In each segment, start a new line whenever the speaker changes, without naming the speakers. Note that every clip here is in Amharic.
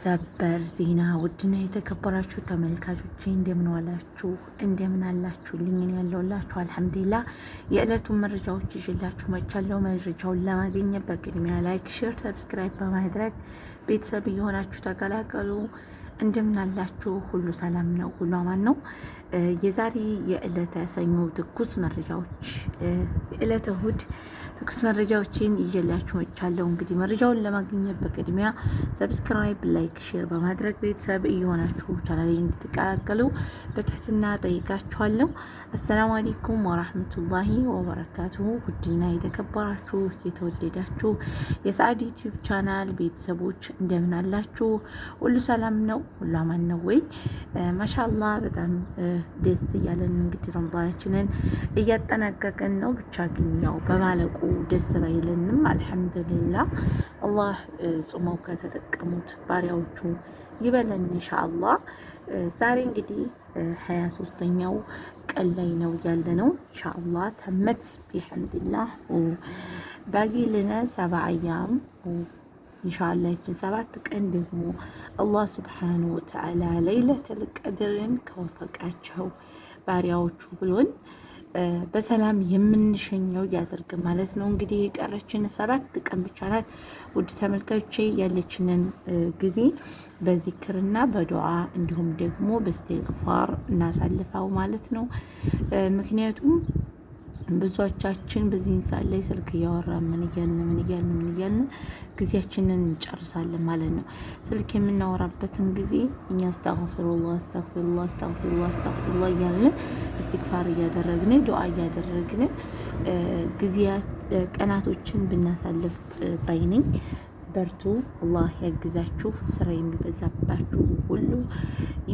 ሰበር ዜና ውድና የተከበራችሁ ተመልካቾች እንደምን ዋላችሁ? እንደምን አላችሁ ልኝን ያለውላችሁ አልሐምዱላ የዕለቱን መረጃዎች ይዤላችሁ መቻለው። መረጃውን ለማግኘት በቅድሚያ ላይክ፣ ሼር፣ ሰብስክራይብ በማድረግ ቤተሰብ እየሆናችሁ ተቀላቀሉ። እንደምን አላችሁ? ሁሉ ሰላም ነው፣ ሁሉ አማን ነው። የዛሬ የዕለተ ሰኞ ትኩስ መረጃዎች የዕለተ እሁድ ትኩስ መረጃዎችን እየላችሁ መጥቻለሁ። እንግዲህ መረጃውን ለማግኘት በቅድሚያ ሰብስክራይብ፣ ላይክ፣ ሼር በማድረግ ቤተሰብ እየሆናችሁ ቻናል እንድትቀላቀሉ በትህትና ጠይቃችኋለሁ። አሰላሙ አሌይኩም ወራህመቱላሂ ወበረካቱሁ። ውድና የተከበራችሁ የተወደዳችሁ የሰአድ ዩቲዩብ ቻናል ቤተሰቦች እንደምን አላችሁ? ሁሉ ሰላም ነው ሁላ ማን ነው ወይ ማሻላ በጣም ደስ እያለን እንግዲህ ረምዳናችንን እያጠናቀቅን ነው። ብቻ ግን ያው በማለቁ ደስ ባይለንም አልሐምዱሊላ አላህ ጾመው ከተጠቀሙት ባሪያዎቹ ይበለን እንሻአላ። ዛሬ እንግዲህ ሀያ ሶስተኛው ቀን ላይ ነው ያለ ነው እንሻአላ ተመት ቢሐምድላህ ባጊ ሰባ አያም ኢንሻአላ ይችን ሰባት ቀን ደግሞ አላህ ስብሓን ወተዓላ ለይለተል ቀድርን ከወፈቃቸው ባሪያዎቹ ብሎን በሰላም የምንሸኘው ያደርግ ማለት ነው። እንግዲህ የቀረችን ሰባት ቀን ብቻ ናት። ውድ ተመልካቾቼ ያለችንን ጊዜ በዚክርና በዱዓ እንዲሁም ደግሞ በስቴግፋር እናሳልፈው ማለት ነው። ምክንያቱም ብዙዎቻችን በዚህን ሰዓት ላይ ስልክ እያወራ ምን እያልን ምን እያልን ምን እያልን ጊዜያችንን እንጨርሳለን ማለት ነው። ስልክ የምናወራበትን ጊዜ እኛ አስተግፍሩላህ አስተግፍሩላህ አስተግፍሩላህ አስተግፍሩላህ እያልን እስትግፋር እያደረግን ዱዓ እያደረግን ጊዜያ ቀናቶችን ብናሳልፍ ባይነኝ። በርቱ፣ አላህ ያግዛችሁ። ስራ የሚበዛባችሁ ሁሉ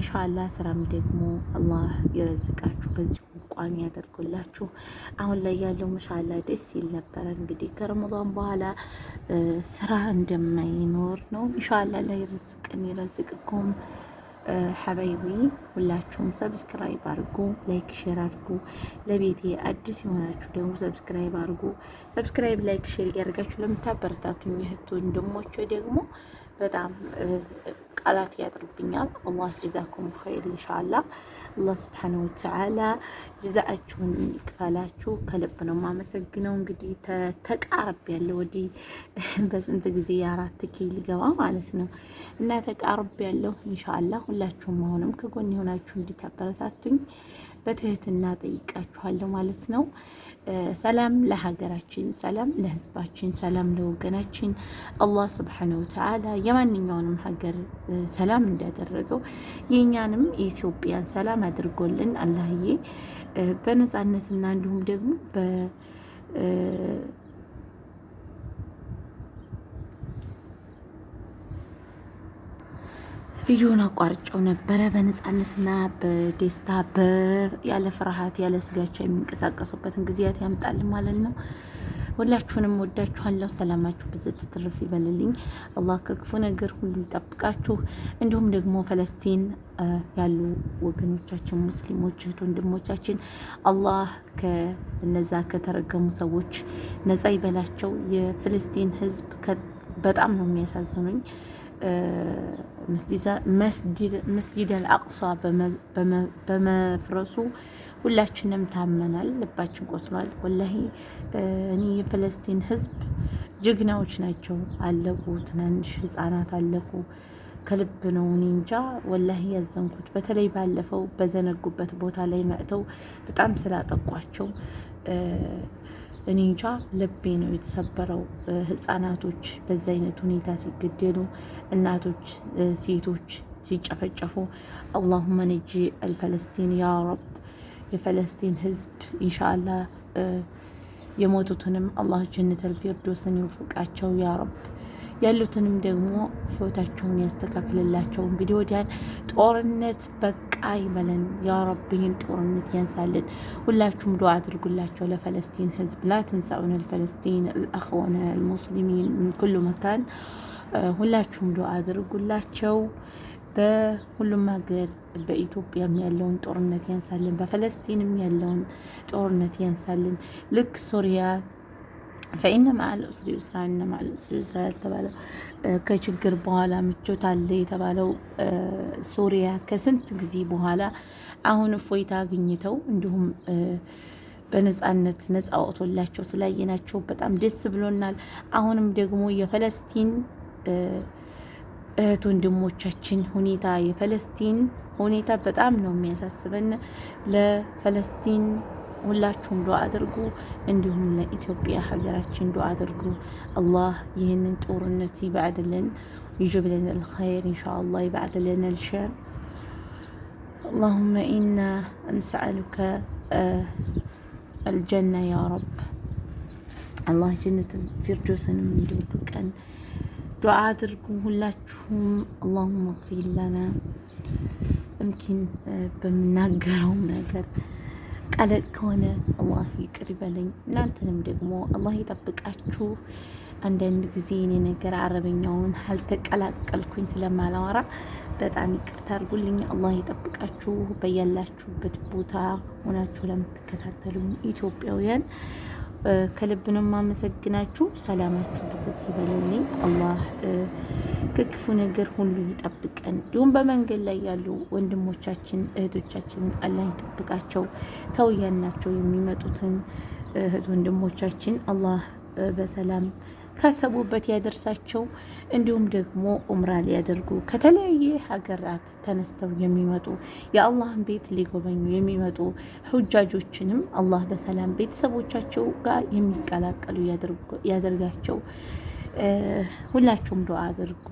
ኢንሻአላህ ስራም ደግሞ አላህ ይረዝቃችሁ በዚሁ ቋሚ ያደርጉላችሁ። አሁን ላይ ያለው መሻላ ደስ ይል ነበረ። እንግዲህ ከረመዳን በኋላ ስራ እንደማይኖር ነው። እንሻላ ላይ ርዝቅን ይረዝቅኩም። ሐባይቢ ሁላችሁም ሰብስክራይብ አድርጉ፣ ላይክ ሼር አድርጉ። ለቤቴ አዲስ የሆናችሁ ደግሞ ሰብስክራይብ አድርጉ። ሰብስክራይብ ላይክ ሼር እያደርጋችሁ ለምታበረታቱኝ እህት ወንድሞቼ ደግሞ በጣም ቃላት ያጥርብኛል። አላህ ጅዛኩም ኸይር እንሻላ አላህ ስብሓነሁ ወተዓላ ጅዛአችሁን ይክፈላችሁ። ከልብ ነው ማመሰግነው እንግዲህ ተቃርብ ያለው ወዲህ በስንት ጊዜ የአራት ኪ ልገባ ማለት ነው እና ተቃርብ ያለው ኢንሻአላህ። ሁላችሁም አሁንም ከጎን የሆናችሁ እንዲታበረታቱኝ በትህትና ጠይቃችኋለሁ ማለት ነው። ሰላም ለሀገራችን፣ ሰላም ለህዝባችን ሰላም ለወገናችን አላህ ስብሓነሁ ወተዓላ የማንኛውንም ሀገር ሰላም እንዳደረገው የእኛንም የኢትዮጵያን ሰላም አድርጎልን አላህዬ በነጻነትና እንዲሁም ደግሞ ቪዲዮን አቋርጨው ነበረ። በነፃነትና በደስታ ያለ ፍርሃት ያለ ስጋቻ የሚንቀሳቀሱበትን ጊዜያት ያምጣልን ማለት ነው። ሁላችሁንም ወዳችኋለሁ። ሰላማችሁ ብዝት ትርፍ ይበልልኝ። አላህ ከክፉ ነገር ሁሉ ይጠብቃችሁ። እንዲሁም ደግሞ ፈለስቲን ያሉ ወገኖቻችን ሙስሊሞች እህት ወንድሞቻችን አላህ ከነዛ ከተረገሙ ሰዎች ነጻ ይበላቸው። የፍልስጢን ህዝብ በጣም ነው የሚያሳዝኑኝ። መስጂደል አቅሷ በመፍረሱ ሁላችንም ታመናል፣ ልባችን ቆስሏል። ወላሂ እኔ የፈለስቲን ህዝብ ጀግናዎች ናቸው። አለቁ፣ ትናንሽ ህጻናት አለቁ። ከልብ ነው። እኔ እንጃ ወላሂ ያዘንኩት በተለይ ባለፈው በዘነጉበት ቦታ ላይ መጥተው በጣም ስላጠቋቸው እኔ እንጃ ልቤ ነው የተሰበረው። ህጻናቶች በዚ አይነት ሁኔታ ሲገደሉ፣ እናቶች፣ ሴቶች ሲጨፈጨፉ። አላሁመ ነጂ አልፈለስቲን ያ ረብ፣ የፈለስቲን ህዝብ እንሻላ የሞቱትንም አላህ ጀነተል ፊርዶስን ይወፍቃቸው ያ ረብ፣ ያሉትንም ደግሞ ህይወታቸውን ያስተካክልላቸው። እንግዲህ ወዲያን ጦርነት በቃ አይበለን። የአረብህን ጦርነት ያንሳልን። ሁላችሁም ዱዓ አድርጉላቸው ለፈለስቲን ህዝብ። ላ ትንሳኡን ልፈለስቲን አልአኽዋን አልሙስሊሚን ምን ኩሉ መካን ሁላችሁም ዱዓ አድርጉላቸው። በሁሉም ሀገር በኢትዮጵያም ያለውን ጦርነት ያንሳልን፣ በፈለስቲንም ያለውን ጦርነት ያንሳልን። ልክ ሶሪያ ፈኢነ መዓል ዑስሪ ዩስራ እነ መዓል ዑስሪ ዩስራ ያልተባለው ከችግር በኋላ ምቾት አለ የተባለው ሶሪያ ከስንት ጊዜ በኋላ አሁን እፎይታ አግኝተው እንዲሁም በነጻነት ነጻ ወጥቶላቸው ስላየናቸው በጣም ደስ ብሎናል። አሁንም ደግሞ የፈለስቲን እህት ወንድሞቻችን ሁኔታ የፈለስቲን ሁኔታ በጣም ነው የሚያሳስበን ለፈለስቲን ሁላችሁም ዱዓ አድርጉ። እንዲሁም ለኢትዮጵያ ሀገራችን ዱአ አድርጉ። አላህ ይህንን ጦርነት ይባዕድልን፣ ይጅብልን ለና ልኸይር ኢንሻአላህ፣ ይባዕድ ለና ልሸር አላሁመ ኢና እንሰአሉከ አልጀና ያ ረብ አላህ ጀነት ፊርዶስንም እንዲወፍቀን ዱዓ አድርጉ ሁላችሁም። አላሁመ ግፊር ለና እምኪን በምናገረው ነገር ቀለጥ ከሆነ አላህ ይቅር ይበለኝ። እናንተንም ደግሞ አላህ ይጠብቃችሁ። አንዳንድ ጊዜ እኔ ነገር አረበኛውን አልተቀላቀልኩኝ ስለማላወራ በጣም ይቅርታ አድርጉልኝ። አላህ ይጠብቃችሁ። በያላችሁበት ቦታ ሆናችሁ ለምትከታተሉኝ ኢትዮጵያውያን ከልብ ነው የማመሰግናችሁ። ሰላማችሁ ብዝት ይበልልኝ። አላህ ከክፉ ነገር ሁሉ ይጠብቀን። እንዲሁም በመንገድ ላይ ያሉ ወንድሞቻችን እህቶቻችን አላህ ይጠብቃቸው። ተውያናቸው የሚመጡትን እህት ወንድሞቻችን አላህ በሰላም ካሰቡበት ያደርሳቸው። እንዲሁም ደግሞ ኡምራ ሊያደርጉ ከተለያየ ሀገራት ተነስተው የሚመጡ የአላህን ቤት ሊጎበኙ የሚመጡ ሁጃጆችንም አላህ በሰላም ቤተሰቦቻቸው ጋር የሚቀላቀሉ ያደርጋቸው። ሁላችሁም ዱዓ አድርጉ።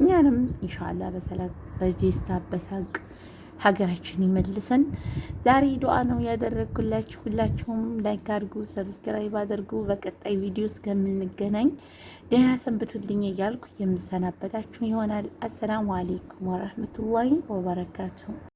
እኛንም ኢንሻአላህ በሰላም በጀስታ በሳቅ ሀገራችን ይመልሰን። ዛሬ ዱዓ ነው ያደረግኩላችሁ። ሁላችሁም ላይክ አድርጉ፣ ሰብስክራይብ አድርጉ። በቀጣይ ቪዲዮ እስከምንገናኝ ደህና ሰንብቱልኝ እያልኩ የምሰናበታችሁ ይሆናል። አሰላሙ አሌይኩም ወረህመቱላሂ ወበረካቱሁ።